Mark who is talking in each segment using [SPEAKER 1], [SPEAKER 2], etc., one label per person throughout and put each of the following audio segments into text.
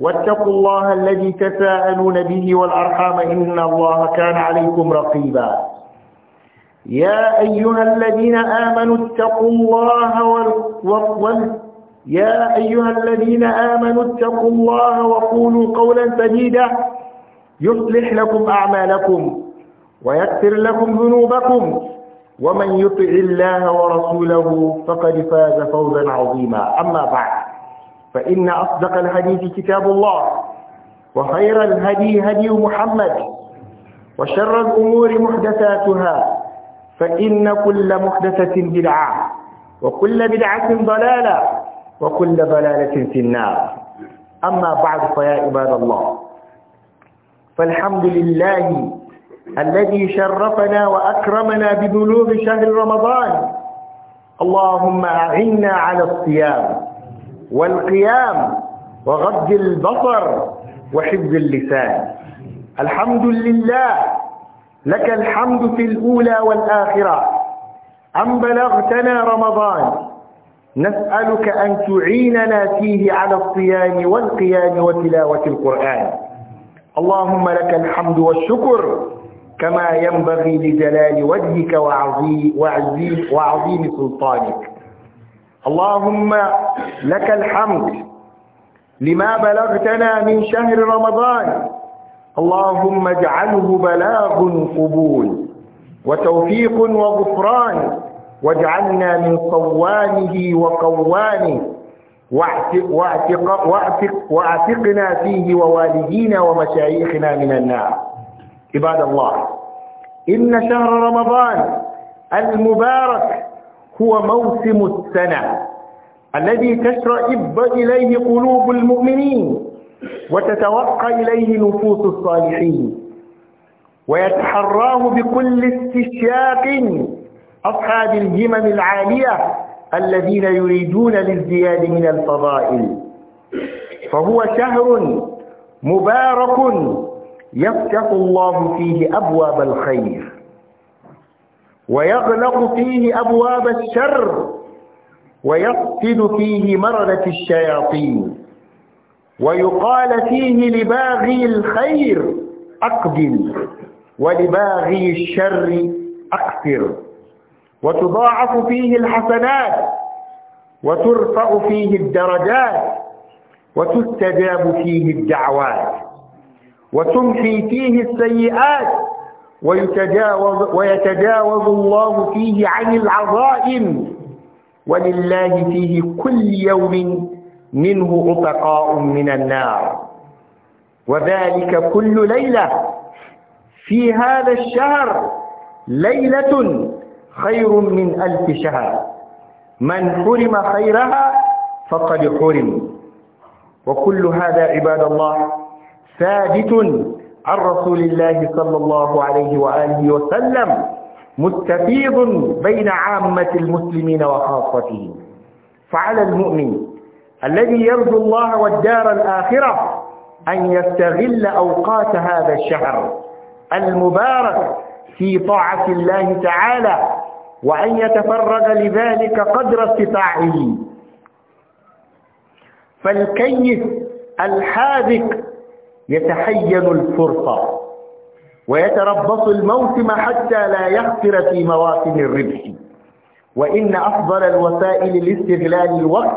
[SPEAKER 1] واتقوا الله الذي تساءلون به والأرحام إن الله كان عليكم رقيبا يا أيها الذين آمنوا اتقوا الله والقوال يا أيها الذين آمنوا اتقوا الله وقولوا قولا سديدا يصلح لكم أعمالكم ويكفر لكم ذنوبكم ومن يطع الله ورسوله فقد فاز فوزا عظيما أما بعد فإن أصدق الحديث كتاب الله وخير الهدي هدي محمد وشر الأمور محدثاتها فإن كل محدثة بدعة وكل بدعة ضلالة وكل ضلالة في النار أما بعد فيا عباد الله فالحمد لله الذي شرفنا وأكرمنا ببلوغ شهر رمضان اللهم أعنا على الصيام والقيام وغض البصر وحفظ اللسان الحمد لله لك الحمد في الأولى والآخرة أن بلغتنا رمضان نسألك أن تعيننا فيه على الصيام والقيام وتلاوة القرآن اللهم لك الحمد والشكر كما ينبغي لجلال وجهك وعظيم, وعظيم, وعظيم سلطانك اللهم لك الحمد لما بلغتنا من شهر رمضان اللهم اجعله بلاغ قبول وتوفيق وغفران واجعلنا من صوانه وقوانه واعتق واعتق واعتق واعتقنا فيه ووالدينا ومشايخنا من النار عباد الله إن شهر رمضان المبارك هو موسم السنة الذي تشرئب إليه قلوب المؤمنين وتتوقى إليه نفوس الصالحين ويتحراه بكل استشياق أصحاب الهمم العالية الذين يريدون للزياد من الفضائل فهو شهر مبارك يفتح الله فيه أبواب الخير ويغلق فيه أبواب الشر ويفسد فيه مردة الشياطين ويقال فيه لباغي الخير أقبل ولباغي الشر أكثر وتضاعف فيه الحسنات وترفع فيه الدرجات وتستجاب فيه الدعوات وتمحي فيه السيئات ويتجاوز ويتجاوز الله فيه عن العظائم ولله فيه كل يوم منه عتقاء من النار وذلك كل ليلة في هذا الشهر ليلة خير من ألف شهر من حرم خيرها فقد حرم وكل هذا عباد الله ثابت عن رسول الله صلى الله عليه وآله وسلم مستفيض بين عامة المسلمين وخاصتهم فعلى المؤمن الذي يرجو الله والدار الآخرة أن يستغل أوقات هذا الشهر المبارك في طاعة الله تعالى وأن يتفرغ لذلك قدر استطاعه فالكيس الحاذق يتحين الفرصة ويتربص الموسم حتى لا يخسر في مواسم الربح وإن أفضل الوسائل لاستغلال الوقت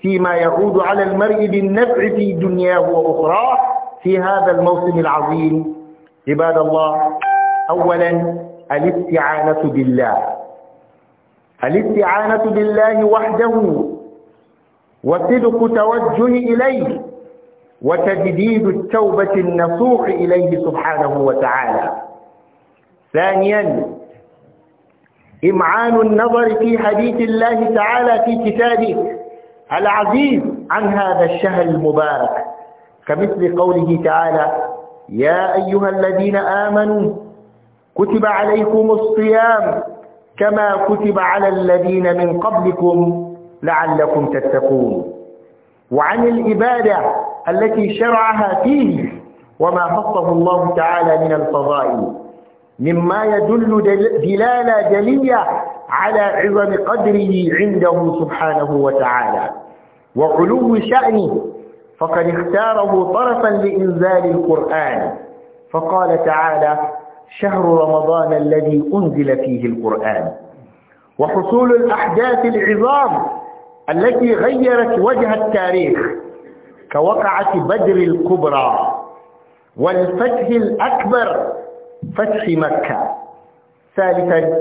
[SPEAKER 1] فيما يعود على المرء بالنفع في دنياه وأخراه في هذا الموسم العظيم عباد الله أولا الاستعانة بالله الاستعانة بالله وحده وصدق توجه إليه وتجديد التوبة النصوح إليه سبحانه وتعالى ثانيا إمعان النظر في حديث الله تعالى في كتابه العزيز عن هذا الشهر المبارك كمثل قوله تعالى يا أيها الذين آمنوا كتب عليكم الصيام كما كتب على الذين من قبلكم لعلكم تتقون وعن الإبادة التي شرعها فيه وما خصه الله تعالى من الفضائل مما يدل دلالة جلية على عظم قدره عنده سبحانه وتعالى وعلو شأنه فقد اختاره طرفا لإنزال القرآن فقال تعالى شهر رمضان الذي أنزل فيه القرآن وحصول الأحداث العظام التي غيرت وجه التاريخ كوقعة بدر الكبرى والفتح الأكبر فتح مكة ثالثا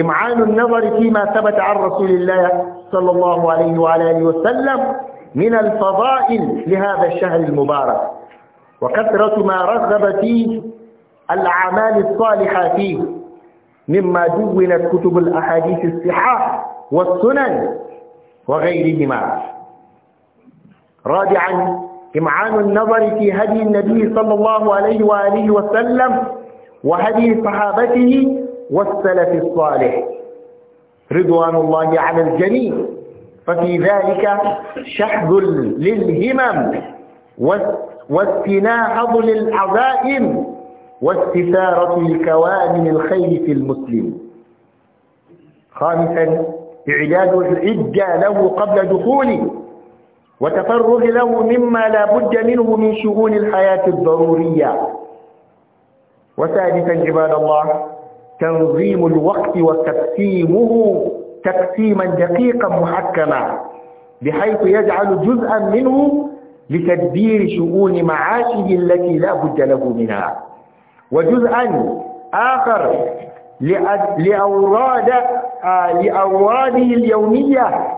[SPEAKER 1] إمعان النظر فيما ثبت عن رسول الله صلى الله عليه وعلى آله وسلم من الفضائل لهذا الشهر المبارك وكثرة ما رغب فيه الأعمال الصالحة فيه مما دونت كتب الأحاديث الصحاح والسنن وغيرهما رابعا إمعان النظر في هدي النبي صلى الله عليه وآله وسلم وهدي صحابته والسلف الصالح رضوان الله على الجميع ففي ذلك شحذ للهمم واستناهض للعزائم واستثارة الكوامن الخير في المسلم خامسا إعداد العدة له قبل دخوله وتفرغ له مما لا بد منه من شؤون الحياة الضرورية وثالثا عباد الله تنظيم الوقت وتقسيمه تقسيما دقيقا محكما بحيث يجعل جزءا منه لتدبير شؤون معاشه التي لا بد له منها وجزءا آخر لأوراد آه، لأوراده اليومية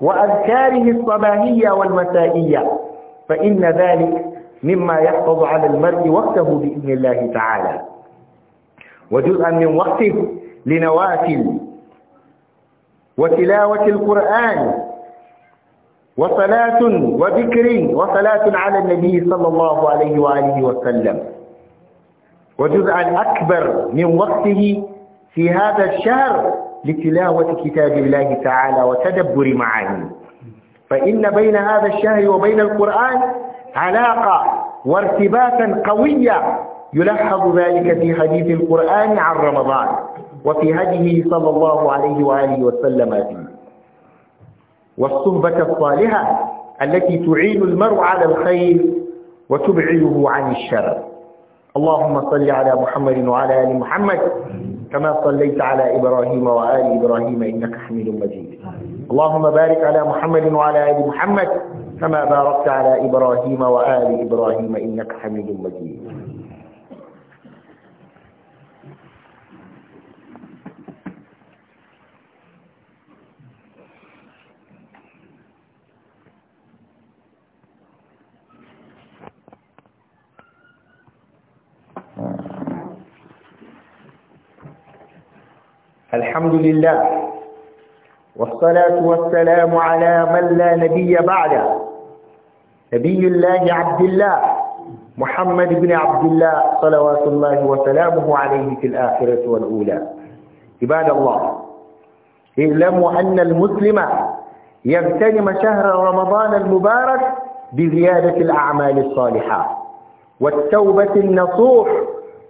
[SPEAKER 1] وأذكاره الصباحية والمسائية فإن ذلك مما يحفظ على المرء وقته بإذن الله تعالى وجزءا من وقته لنوافل وتلاوة القرآن وصلاة وذكر وصلاة على النبي صلى الله عليه وآله وسلم وجزءا أكبر من وقته في هذا الشهر لتلاوة كتاب الله تعالى وتدبر معانيه فإن بين هذا الشهر وبين القرآن علاقة وارتباطا قوية يلاحظ ذلك في حديث القرآن عن رمضان وفي هديه صلى الله عليه وآله وسلم والصحبة الصالحة التي تعين المرء على الخير وتبعده عن الشر اللهم صل على محمد وعلى آل محمد كما صليت على إبراهيم وآل إبراهيم إنك حميد مجيد اللهم بارك على محمد وعلى آل محمد كما باركت على إبراهيم وآل إبراهيم إنك حميد مجيد الحمد لله والصلاة والسلام على من لا نبي بعده نبي الله عبد الله محمد بن عبد الله صلوات الله وسلامه عليه في الآخرة والأولى عباد الله اعلموا أن المسلم يغتنم شهر رمضان المبارك بزيادة الأعمال الصالحة والتوبة النصوح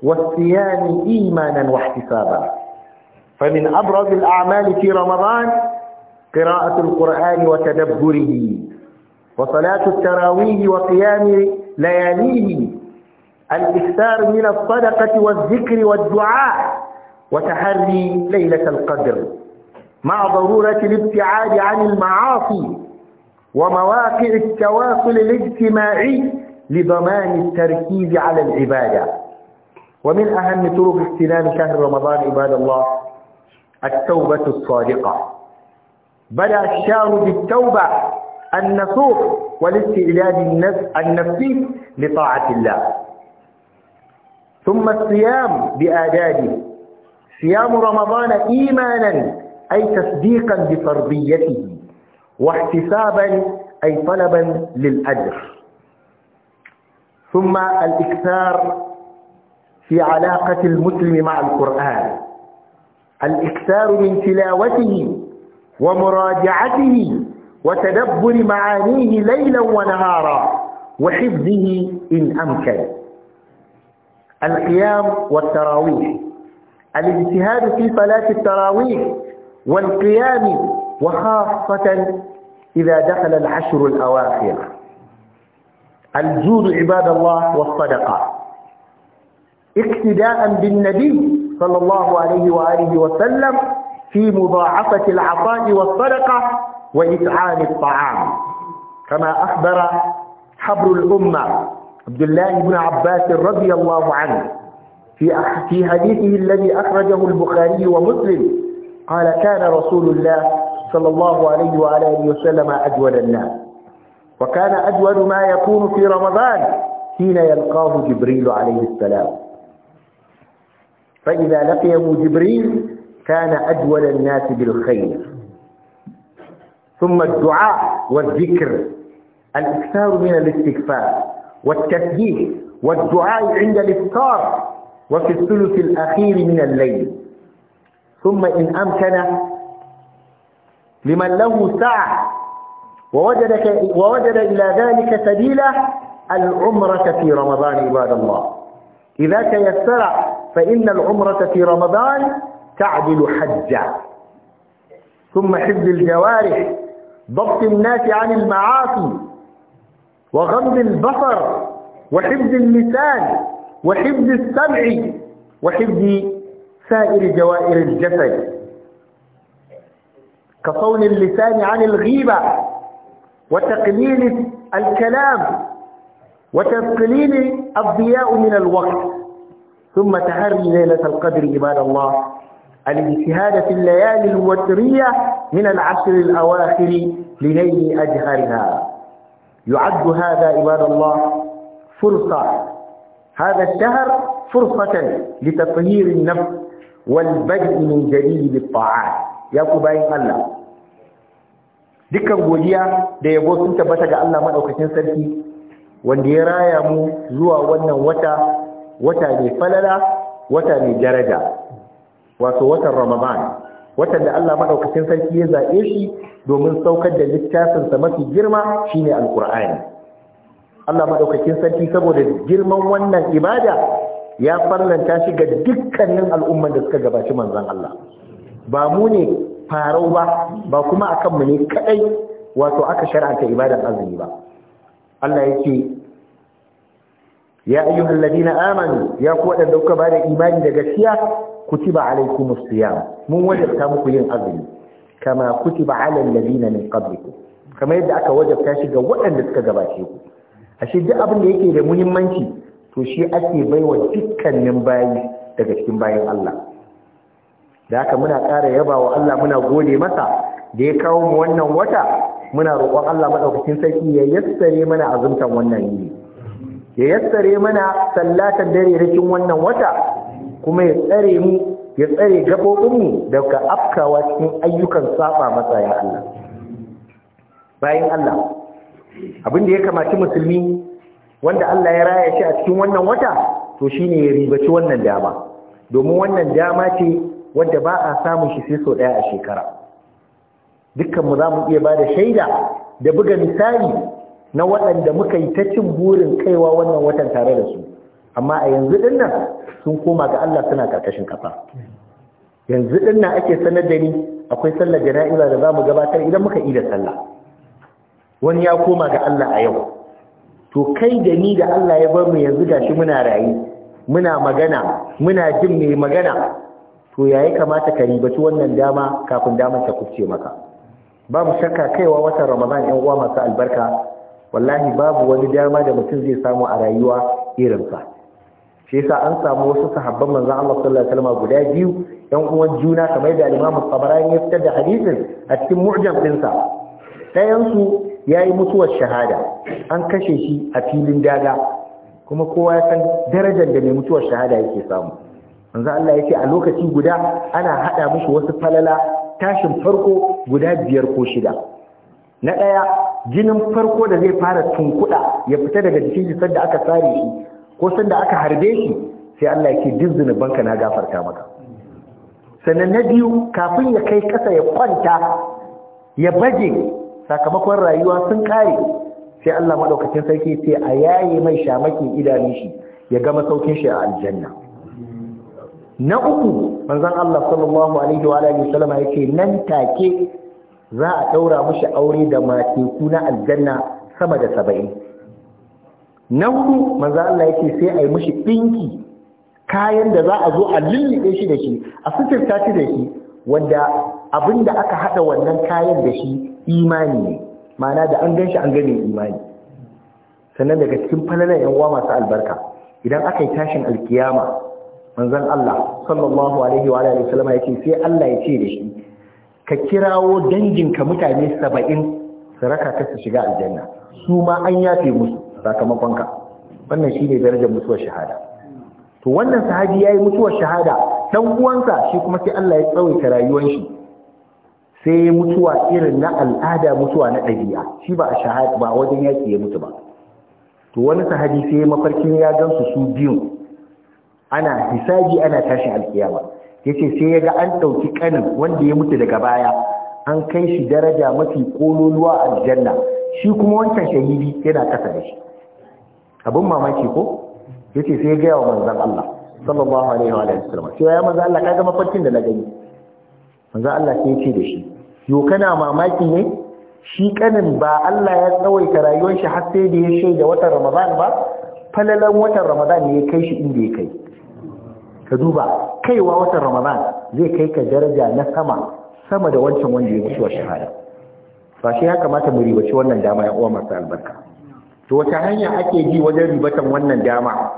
[SPEAKER 1] والصيام إيمانا واحتسابا فمن أبرز الأعمال في رمضان قراءة القرآن وتدبره وصلاة التراويح وقيام لياليه الإكثار من الصدقة والذكر والدعاء وتحري ليلة القدر مع ضرورة الابتعاد عن المعاصي ومواقع التواصل الاجتماعي لضمان التركيز على العبادة ومن أهم طرق اغتنام شهر رمضان عباد الله التوبة الصادقة بلى الشهر بالتوبة النصوح والاستعداد النفسي لطاعة الله ثم الصيام بآدابه صيام رمضان إيمانا أي تصديقا بفرضيته واحتسابا أي طلبا للأجر ثم الإكثار في علاقة المسلم مع القرآن الإكثار من تلاوته ومراجعته وتدبر معانيه ليلا ونهارا وحفظه إن أمكن القيام والتراويح الاجتهاد في صلاة التراويح والقيام وخاصة إذا دخل العشر الأواخر الجود عباد الله والصدقة اقتداء بالنبي صلى الله عليه وآله وسلم في مضاعفة العطاء والصدقة وإتعان الطعام كما أخبر حبر الأمة عبد الله بن عباس رضي الله عنه في في حديثه الذي أخرجه البخاري ومسلم قال كان رسول الله صلى الله عليه وآله وسلم أجود الناس وكان أجود ما يكون في رمضان حين يلقاه جبريل عليه السلام فإذا لقيه جبريل كان أجول الناس بالخير ثم الدعاء والذكر الإكثار من الاستكفاف والتسبيح والدعاء عند الإفطار وفي الثلث الأخير من الليل ثم إن أمكن لمن له سعة ووجد, ووجد إلى ذلك سبيلا العمرة في رمضان عباد الله إذا تيسر فإن العمرة في رمضان تعدل حجة ثم حفظ الجوارح ضبط الناس عن المعاصي وغمض البصر وحفظ اللسان وحفظ السمع وحفظ سائر جوائر الجسد كصون اللسان عن الغيبة وتقليل الكلام وتقليل الضياء من الوقت ثم تحري ليلة القدر عباد الله الاجتهاد في الليالي الوترية من العشر الأواخر لليل أجهرها يعد هذا عباد الله فرصة هذا الشهر فرصة لتطهير النفس والبدء من جديد بالطاعات يا كوباين الله dukkan godiya da yabo sun tabbata ga Allah madaukakin sarki wanda ya raya mu zuwa wannan wata wata ne falala wata ne daraja wato watan ramadan watan da Allah madaukakin sarki ya zaɓe shi domin saukar da littafin sa mafi girma shine alqur'ani Allah madaukakin sarki saboda girman wannan ibada ya farlanta shi ga dukkanin al'umman da suka gabaci manzon Allah ba mu ne farau ba ba kuma akan mu ne kadai wato aka shar'anta ibadan azumi ba Allah yake ya ayyuhal ladina amanu ya ku wadanda kuka bada imani da gaskiya kutiba alaikumus siyam mun wajabta muku yin azumi kama kutiba alal ladina min qablikum kama yadda aka wajabta shi ga waɗanda suka gabace ku ashe duk abin da yake da muhimmanci to shi ake baiwa dukkanin bayi daga cikin bayan Allah da haka muna ƙara yaba wa Allah muna gode masa da ya kawo mu wannan wata muna roƙon Allah madaukakin sarki ya yassare mana azumtan wannan yini ya yassare mana sallatan dare cikin wannan wata kuma ya tsare mu ya tsare mu daga afkawa cikin ayyukan saba masa ya Allah bayan Allah abin da ya kamaci musulmi wanda Allah ya raya shi a cikin wannan wata to shine ya ribaci wannan dama domin wannan dama ce wanda ba a samun shi sai sau ɗaya a shekara dukkanmu za mu iya bada shaida da buga misali na waɗanda muka yi ta cin burin kaiwa wannan watan tare da su amma a yanzu din nan sun koma ga Allah suna karkashin kafa yanzu ɗin nan ake sanar da ni akwai sallar jana'iza da zamu gabatar idan muka yi da sallah wani ya koma ga Allah a yau to kai da ni da Allah ya bar mu yanzu gashi muna rayi muna magana muna jin mai magana to yayi kamata ka ribaci wannan dama kafin damar ta kufce maka babu shakka kaiwa watan Ramadan 'yan uwa masu albarka wallahi babu wani dama da mutum zai samu a rayuwa irinsa shi yasa an samu wasu sahabban manzo Allah sallallahu alaihi wasallam guda biyu yan uwan juna kamar da Imam Tabarani ya fitar da hadisin a cikin mu'jam dinsa dayan su yayi mutuwar shahada an kashe shi a filin daga kuma kowa ya san darajar da mai mutuwar shahada yake samu manzo Allah ce a lokaci guda ana hada mashi wasu falala tashin farko guda biyar ko shida na ɗaya. jinin farko da zai fara tunkuda ya fita daga jikin shi sanda aka sare shi ko sanda aka harbe shi sai Allah ya ce duk zunubanka na gafarta maka sannan na biyu kafin ya kai kasa ya kwanta ya baje sakamakon rayuwa sun kare sai Allah madaukakin sarki sai a yaye mai shamakin idanun shi ya ga masaukin shi a aljanna na uku manzon Allah sallallahu alaihi wa alihi wasallama yake nan take za a ɗaura mushi aure da mateku na aljanna sama da saba'in na hudu manza Allah yake sai a yi mushi ɗinki kayan da za a zo a lullube shi da shi a suturta shi da shi wanda abin da aka haɗa wannan kayan da shi imani ne ma'ana da an gan shi an gane imani sannan daga cikin falalan yanuwa uwa masu albarka idan aka yi tashin alkiyama manzan Allah sallallahu alaihi wa alihi wasallam yake sai Allah ya ce da shi ka kirawo danginka mutane saba'in su raka ka su shiga aljanna su ma an yafe musu sakamakon ka. wannan shi ne darajar mutuwar shahada to wannan sahabi ya yi mutuwar shahada dan uwansa shi kuma sai Allah ya tsawaita rayuwar shi sai mutuwa irin na al'ada mutuwa na ɗabi'a shi ba a shahada ba wajen yaki ya mutu ba to wani sahabi sai mafarkin ya gansu su biyu ana hisabi ana tashin alkiyama ce sai ya ga an ɗauki ƙanin wanda ya mutu daga baya an kai shi daraja mafi kololuwa a aljanna shi kuma wancan shahidi yana kasa da shi abin mamaki ko ce sai ya gaya wa manzan Allah sallallahu alaihi wa sallam sai ya manzan Allah kaga mafarkin da na gani manzan Allah sai ya ce da shi yo kana mamaki ne shi ƙanin ba Allah ya tsawaita rayuwar shi har sai da ya shaida watan Ramadan ba falalan watan Ramadan ne ya kai shi inda ya kai ka duba kaiwa watan ramadan zai kai ka daraja na sama sama da wancan wanda ya mutuwa shahada ba shi ya kamata mu ribaci wannan dama ya uwa masu albarka to wata hanya ake ji wajen ribatan wannan dama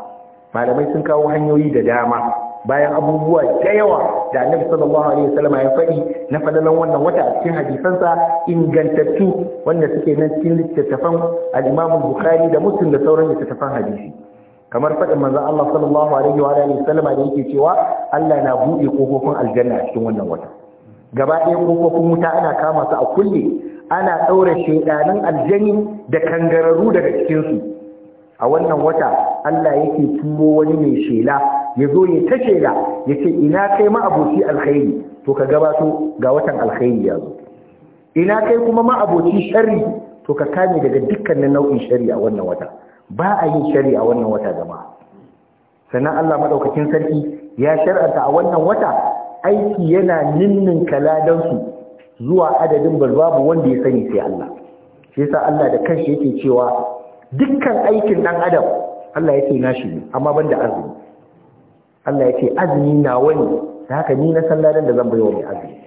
[SPEAKER 1] malamai sun kawo hanyoyi da dama bayan abubuwa da yawa da annabi sallallahu alaihi wasallam ya faɗi na fadalan wannan wata a cikin hadisansa ingantattu wanda suke nan cikin littattafan al-Imam Bukhari da Muslim da sauran littattafan hadisi kamar faɗin manzan Allah sallallahu alaihi wa alihi sallama da yake cewa Allah na buɗe kofofin aljanna a cikin wannan wata gaba ɗaya kofofin wuta ana kama su a kulle ana ɗaura shaidanin aljani da kangararru daga cikin su a wannan wata Allah yake turo wani mai shela ya zo ya ta shela ya ce ina kai ma aboki alkhairi to ka gabato ga watan alkhairi ya zo ina kai kuma ma aboki sharri to ka kame daga dukkanin nau'in a wannan wata ba a yin shari a wannan wata jama'a sannan Allah maɗaukakin sarki ya shar'anta a wannan wata aiki yana ninnin kaladansu zuwa adadin babu wanda ya sani sai Allah shi yasa Allah da kanshi yake cewa dukkan aikin dan adam Allah yake nashi ne amma banda azumi Allah yake azumi na wani da haka ni na san ladan da zan baiwa mai azumi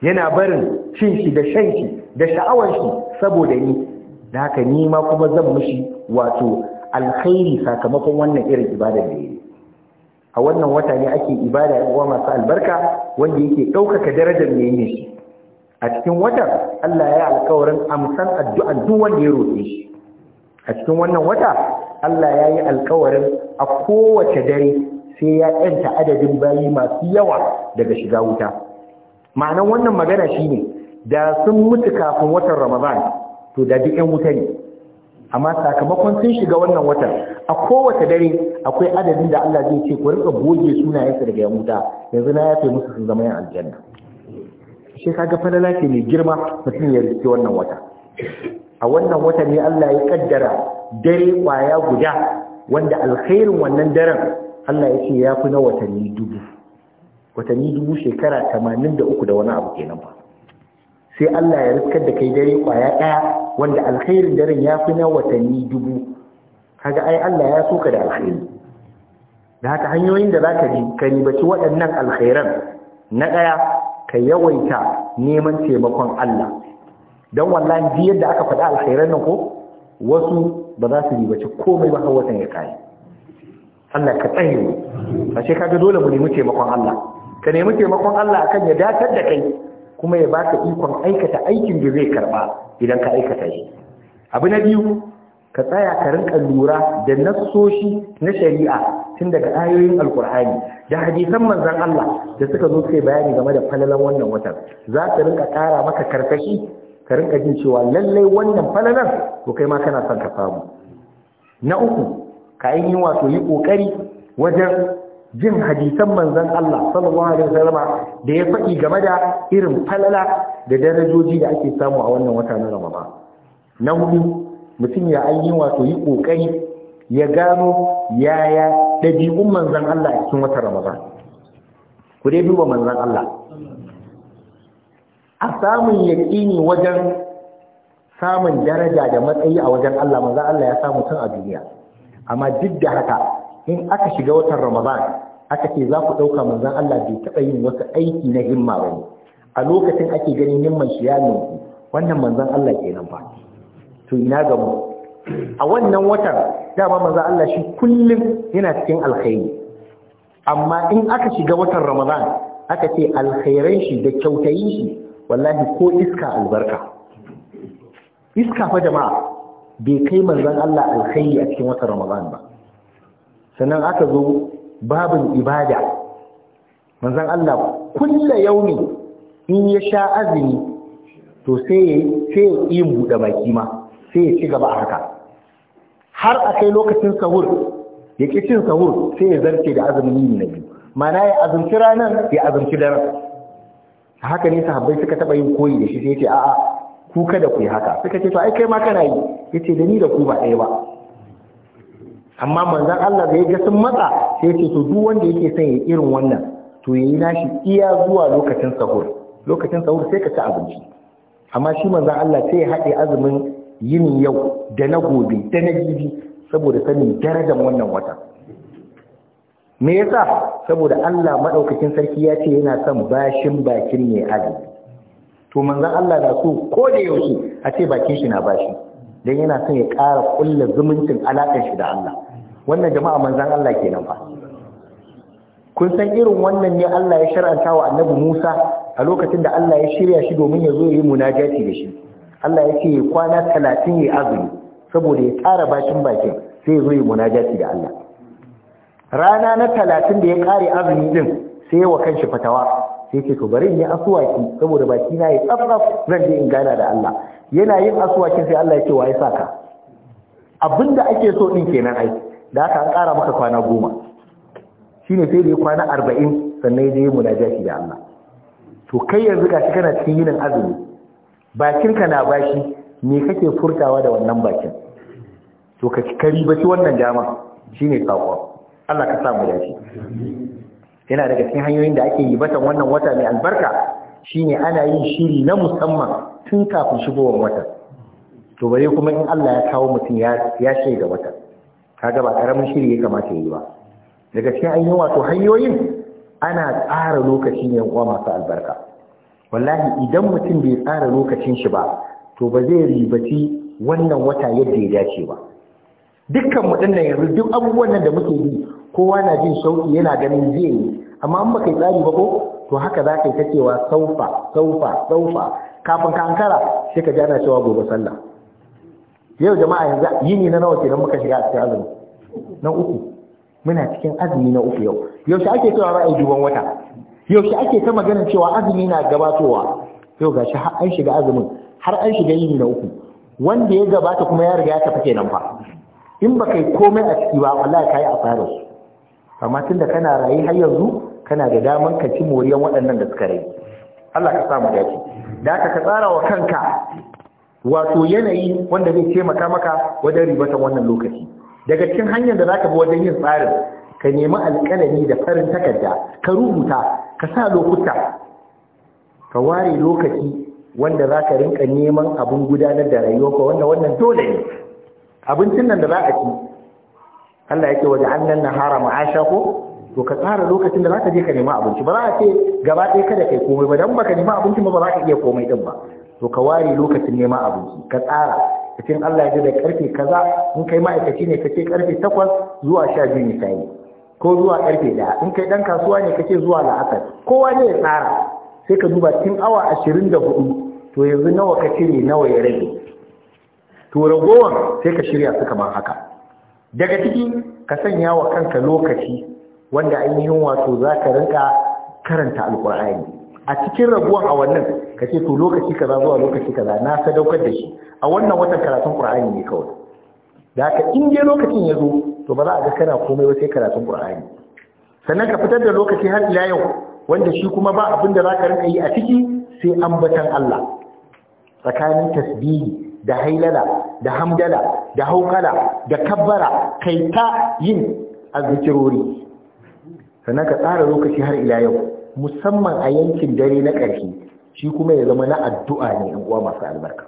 [SPEAKER 1] yana barin cin shi da shan shi da sha'awar shi saboda ni da haka ni ma kuma zan mishi wato alkhairi sakamakon wannan irin ibada da a wannan wata ne ake ibada ya masu albarka wanda yake ɗaukaka darajar mai shi a cikin wata, Allah ya yi alkawarin amsan addu'an duk wanda ya roƙe shi a cikin wannan wata Allah ya yi alkawarin a kowace dare sai ya yanta adadin bayi masu yawa daga shiga wuta ma'anan wannan magana shine da sun mutu kafin watan Ramadan to da duk ƴan wuta ne amma sakamakon sun shiga wannan watan a kowace dare akwai adadin da Allah zai ce ku rika goge sunayensa daga ƴan wuta yanzu na yafe musu sun zama yan aljanna shi kaga falala ce mai girma mutum ya rike wannan wata a wannan wata ne Allah ya kaddara dare kwaya guda wanda alkhairin wannan daren Allah ya ce ya fi na watanni dubu watanni dubu shekara tamanin da uku da wani abu kenan ba sai Allah ya riskar da kai dare kwaya ɗaya wanda alkhairin daren ya fi na watanni dubu kaga ai Allah ya soka da alkhairi da haka hanyoyin da zaka bi ka ribaci waɗannan alkhairan na ɗaya ka yawaita neman taimakon Allah dan wallahi ji yadda aka faɗa alkhairan nan ko wasu ba za su ribaci komai ba har watan ya kai Allah ka tsare mu ashe kaga dole mu nemi taimakon Allah ka nemi taimakon Allah akan ya datar da kai kuma ya baka ikon aikata aikin da zai karba idan ka aikata shi abu na biyu ka tsaya ka rinka lura da nassoshi na shari'a tun daga ayoyin alkur'ani da hadisan manzon Allah da suka zo kai bayani game da falalan wannan watan za ka rinka ƙara maka karkashi ka rinka jin cewa lallai wannan falalan to kai ma kana son ka samu na uku ka yi wato yi kokari wajen jin hadisan manzon Allah sallallahu alaihi wasallam da ya faɗi game da irin falala da darajoji da ake samu a wannan wata na Ramadan na hudu mutum ya ayi wato yi kokari ya gano yaya ɗabi'un manzan Allah a cikin wata Ramadan ku dai duba Allah a samun yaƙini wajen samun daraja da matsayi a wajen Allah manzan Allah ya samu tun a duniya amma duk da haka in aka shiga watan Ramadan aka ce za ku ɗauka manzon Allah bai taɓa yin wasu aiki na himma ba ne a lokacin ake ganin himman shi ya ninku wannan manzan Allah kenan fa to ina ga mu a wannan watan dama manzon Allah shi kullum yana cikin alkhairi amma in aka shiga watan Ramadan aka ce alkhairan shi da kyautayin shi wallahi ko iska albarka iska fa jama'a bai kai manzan Allah alkhairi a cikin watan Ramadan ba sannan aka zo babin ibada manzon Allah kullu yaumi in ya sha azumi to sai sai yi buɗe baki ma sai ya ci gaba haka har akai lokacin sahur ya cin sahur sai ya zarce da azumin yini na mana ya azumci ranar ya azumci daren haka ne sahabbai suka taɓa yin koyi da shi sai ya ce a'a ku kada ku yi haka suka ce to ai kai ma kana yi yace da ni da ku ba ɗaya ba amma manzan Allah zai ga sun matsa sai ce to duk wanda yake son ya irin wannan to yayi nashi iya zuwa lokacin sahur lokacin sahur sai ka ci abinci amma shi manzon Allah sai ya haɗe azumin yin yau da na gobe da na jibi saboda sanin darajar wannan wata me yasa saboda Allah madaukakin sarki ya ce yana son bashin bakin ne azumi to manzon Allah na so ko da yaushe a ce bakin shi na bashi dan yana son ya ƙara ƙulla zumuncin alaƙar shi da Allah wannan jama'a manzan Allah kenan fa kun san irin wannan ne Allah ya shar'anta wa annabi Musa a lokacin da Allah ya shirya shi domin ya zo ya yi munajati da shi Allah ya ce kwana talatin ya azumi saboda ya tsara bashin bakin sai ya zo ya munajati da Allah rana na talatin da ya kare azumi din sai ya wa kanshi fatawa sai ce to bari in yi asuwaki saboda baki na ya tsaf zan je in gana da Allah yana yin asuwakin sai Allah ya ce wa ya saka abinda ake so din kenan ai da aka an maka kwana goma shi ne sai da ya kwana arba'in sannan ya yi munajati da Allah to kai yanzu shi kana cikin yinin azumi bakinka na bashi me kake furtawa da wannan bakin to ka kari ba shi wannan dama Shi ne sako Allah ka samu yashi yana daga cikin hanyoyin da ake yi batan wannan wata mai albarka shine ana yin shiri na musamman tun kafin shigowar wata to bare kuma in Allah ya kawo mutum ya ya watan? wata kaga ba karamin shiri ya kamata yi ba daga cikin ainihin wato hanyoyin ana tsara lokacin yan uwa masu albarka wallahi idan mutum bai tsara lokacin shi ba to ba zai ribaci wannan wata yadda ya dace ba dukkan mu dinnan yanzu duk abubuwan nan da muke yi kowa na jin sauki yana ganin zai yi amma an baka tsari ba ko to haka za ka yi ta cewa saufa saufa saufa kafin ka ankara sai ka ji cewa gobe sallah yau jama'a yanzu yini na nawa kenan muka shiga a cikin azumi na uku muna cikin azumi na uku yau yaushe ake cewa ra'ayi duban wata yaushe ake ta magana cewa azumi na gabatowa yau gashi har an shiga azumin har an shiga yini na uku wanda ya gabata kuma ya riga ya tafi kenan fa in ba kai komai a ciki ba wallahi kai asarar su amma tunda kana rayi har yanzu kana da daman ka ci moriyan waɗannan da suka rai Allah ka sa mu dace da ka tsara wa kanka wato yanayi wanda zai taimaka maka wajen ribatan wannan lokaci daga cikin hanyar da za ka bi wajen yin tsarin ka nemi alƙalami da farin takarda ka rubuta ka sa lokuta ka ware lokaci wanda za ka rinka neman abin gudanar da rayuwarka wanda wannan dole ne abincin nan da za a ci Allah yake waje annan nahara ma'asha ko to ka tsara lokacin da za ka je ka nema abinci ba za a ce gaba ɗaya kada kai komai ba dan baka nema abinci ba ba za ka iya komai din ba to ka ware lokacin neman abinci ka tsara ka cin Allah ya da karfe kaza in kai ma'aikaci ne ce karfe takwas zuwa sha ne kai ko zuwa karfe ɗaya, in kai ɗan kasuwa ne ka ce zuwa la'asar kowa ne ya tsara sai ka duba cikin awa ashirin da hudu, to yanzu nawa ka cire nawa ya rage to ragowar sai ka shirya su kamar haka daga ciki ka sanya wa kanka lokaci wanda ainihin wato za ka rinka karanta alkur'ani a cikin rabuwan awannin ka ce to lokaci kaza zuwa lokaci kaza na sadaukar da shi a wannan watan karatun qur'ani ne kawai da ka in je lokacin ya zo to ba za a ga kana komai sai karatun qur'ani sannan ka fitar da lokaci har ila yau wanda shi kuma ba abin da zaka rinka yi a ciki sai ambatan Allah tsakanin tasbihi da hailala da hamdala da haukala da kabbara kai ta yin azzikirori sannan ka tsara lokaci har ila yau musamman a yankin dare na ƙarshe shi kuma ya zama na addu'a ne in uwa masu albarka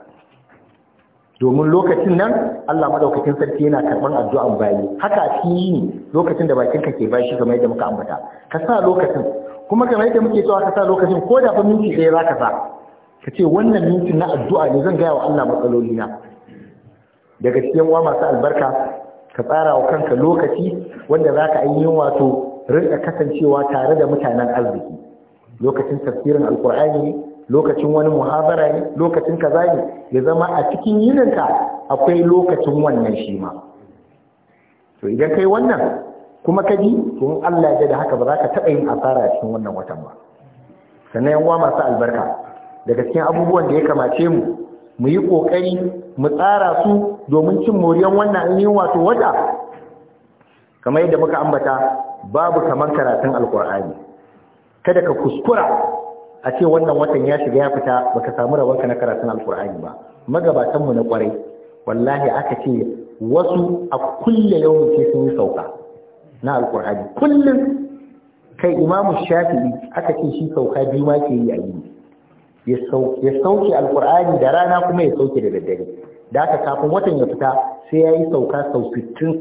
[SPEAKER 1] domin lokacin nan Allah madaukakin sarki yana karban addu'an bayi haka shi ne lokacin da bakinka ke bashi kamar yadda muka ambata ka sa lokacin kuma kamar yadda muke cewa ka sa lokacin ko da fa minti ɗaya zaka sa ka ce wannan mintin na addu'a ne zan gaya wa Allah matsaloli na daga cikin uwa masu albarka ka tsara wa kanka lokaci wanda ka ainihin wato rinka kasancewa tare da mutanen arziki lokacin tafsirin alkur'ani ne lokacin wani muhabara ne lokacin kaza ne ya zama a cikin yininka akwai lokacin wannan shi ma to idan kai wannan kuma ka ji to Allah ya da haka ba za ka taɓa yin asara a cikin wannan watan ba sannan yan uwa masu albarka daga cikin abubuwan da ya kamace mu mu yi ƙoƙari mu tsara su domin cin moriyan wannan yin wato wata kamar yadda muka ambata babu kamar karatun alkur'ani kada ka kuskura a ce wannan watan ya shiga ya fita baka samu ka na karatun alkur'ani ba magabatanmu na kwarai wallahi aka ce wasu a kulle yawon ce sun yi sauka na alkur'ani kullum kai imamu shafi'i aka ce shi sauka biyu ma ke yi a yi ya sauke alkur'ani da rana kuma ya sauke da daddare da aka kafin watan ya fita sai ya yi sauka sau sittin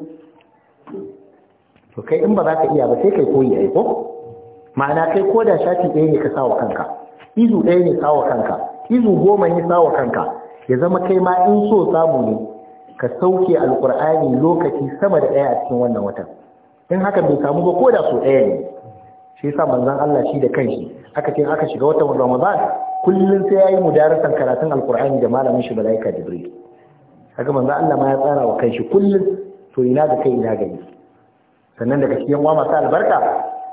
[SPEAKER 1] to kai in ba za ka iya ba sai kai koyi ai ko ma'ana kai ko da shafi ɗaya ne ka sawa kanka izu ɗaya ne sawa kanka izu goma ne sawa kanka ya zama kai ma in so samu ne ka sauke alkur'ani lokaci sama da ɗaya a cikin wannan watan in haka bai samu ba ko da so ɗaya ne shi yasa manzon Allah shi da kanshi aka ce aka shiga watan Ramadan kullun sai yayi mudarasan karatun alkur'ani da malamin shi malaika Jibril kaga manzon Allah ma ya tsara wa kanshi kullun to ina ga kai ina gani sannan daga cikin wa masu albarka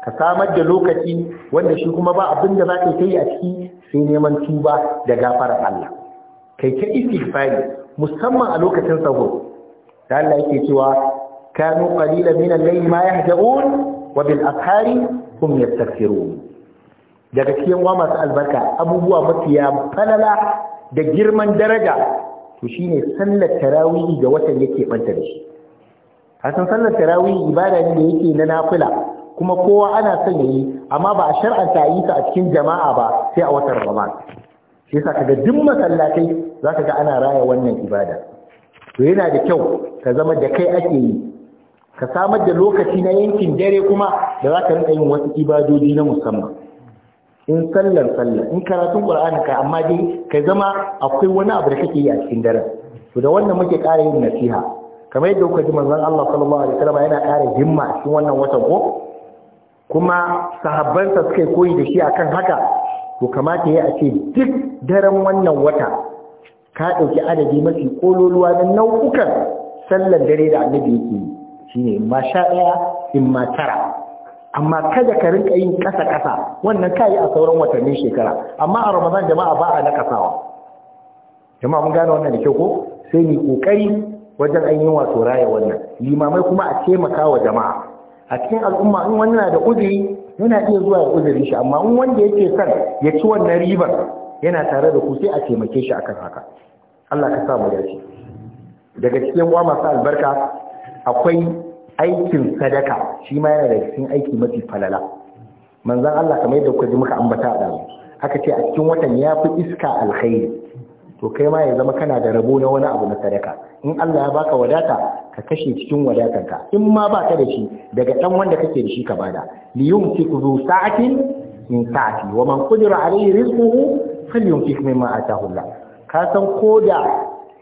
[SPEAKER 1] ka samar da lokaci wanda shi kuma ba abin da za ka yi a ciki sai neman tuba da gafarar Allah kai ta istighfari musamman a lokacin sahur da Allah yake cewa kanu qalilan min al-layli ma yahja'un wa bil ashari hum yastaghfirun daga cikin wa masu albarka abubuwa mafiya falala da girman daraja to shine sallar tarawihi ga watan yake banta da shi san sallar tarawih ibada ne da yake na nafila kuma kowa ana son yi, amma ba a shar'anta yi ta a cikin jama'a ba sai a watan Ramadan shi yasa kaga duk masallatai zaka ga ana raya wannan ibada to yana da kyau ka zama da kai ake yi ka samar da lokaci na yankin dare kuma da za ka rinka yin wasu ibadoji na musamman in sallar sallar in karatun ƙur'ani ka amma dai ka zama akwai wani abu da kake yi a cikin daren to da wannan muke ƙara yin nasiha kamar yadda kuka ji manzon Allah sallallahu alaihi wasallam yana ƙara himma cikin wannan watan ko kuma sa suka yi koyi da shi akan haka to kamata ya a ce duk daren wannan wata ka ɗauki adadi mafi kololuwa na nau'ukan sallar dare da annabi yake yi shine ma sha in ma tara amma kada ka rinka yin ƙasa-ƙasa wannan ka yi a sauran watannin shekara amma a ramadan jama'a ba a nakasawa jama'a mun gane wannan da kyau ko sai ni ƙoƙari wajen an yi wato raya wannan limamai kuma a taimaka wa jama'a a cikin al'umma in wani na da uzuri yana iya zuwa ya uzuri shi amma in wanda yake son ya ci wannan ribar yana tare da ku sai a taimake shi akan haka Allah ka sa mu dace daga cikin wa masu albarka akwai aikin sadaka shi ma yana daga cikin aiki mafi falala manzon Allah kamar yadda kuka ji muka ambata a ɗazu aka ce a cikin watan ya fi iska alkhairi to kai ma ya zama kana da rabo na wani abu na sadaka in Allah ya baka wadata ka kashe cikin wadatarka in ma baka da shi daga dan wanda kake da shi ka bada li yumsik zu sa'atin min sa'ati wa man qadira alayhi rizquhu falyumsik mimma ataahu Allah ka san koda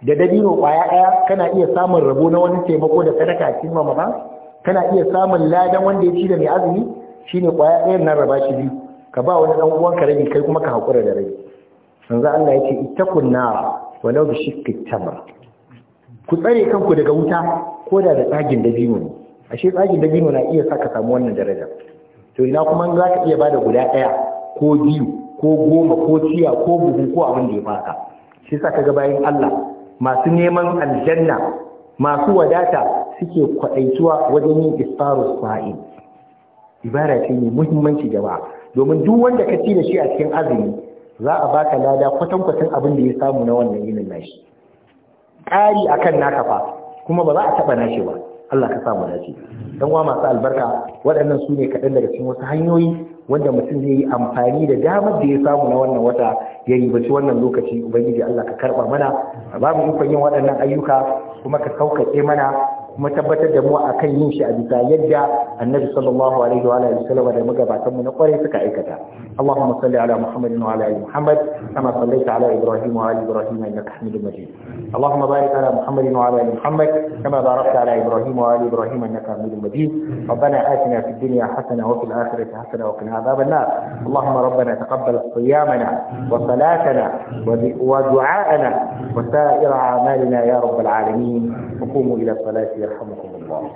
[SPEAKER 1] da dabino kwaya daya kana iya samun rabo na wani taimako da sadaka a cikin mamaban kana iya samun ladan wanda ya ci da mai azumi shine kwaya ɗaya nan raba shi biyu ka ba wani dan uwan rabi kai kuma ka hakura da rabi manzo Allah yake itakun nar walau bi shikki tamr ku tsare kanku daga wuta ko da da tsagin dabino ne ashe tsagin dabino na iya saka samu wannan daraja to ina kuma za ka iya bada guda ɗaya ko biyu ko goma ko tiya ko buhu ko abin da ya faka shi sa kaga bayan Allah masu neman aljanna masu wadata suke kwadaituwa wajen yin istaru sa'in ibara ce mai muhimmanci jama'a domin duk wanda ka ci da shi a cikin azumi za a baka lada kwatankwatan abin da ya samu na wannan yinin nashi ƙari kan naka fa kuma ba za a taɓa nashi ba Allah ka samu nashi. dan wa masu albarka waɗannan su ne kaɗan daga cikin wasu hanyoyi wanda mutum zai yi amfani da damar da ya samu na wannan wata ya ribaci wannan lokaci ubangiji Allah ka karɓa mana ba mu ikon yin waɗannan ayyuka kuma ka sauƙaƙe mana kuma tabbatar da mu akan yin shi a bisa yadda annabi sallallahu alaihi wa alihi wasallam da magabatan mu na kware suka aikata Allahumma salli ala Muhammadin wa ala ali Muhammad kama sallaita ala Ibrahim wa ala Ibrahim innaka Hamidum Majid Allahumma barik ala Muhammadin wa ala ali Muhammad kama barakta ala Ibrahim wa ala Ibrahim innaka Hamidum Majid Rabbana atina fid dunya ربنا آتنا في الدنيا حسنة وفي الآخرة حسنة Allahumma rabbana taqabbal siyamana wa salatana wa du'aana wa sa'ira a'malina ya rabbal alamin وقوموا إلى الصلاة yarhamukumullah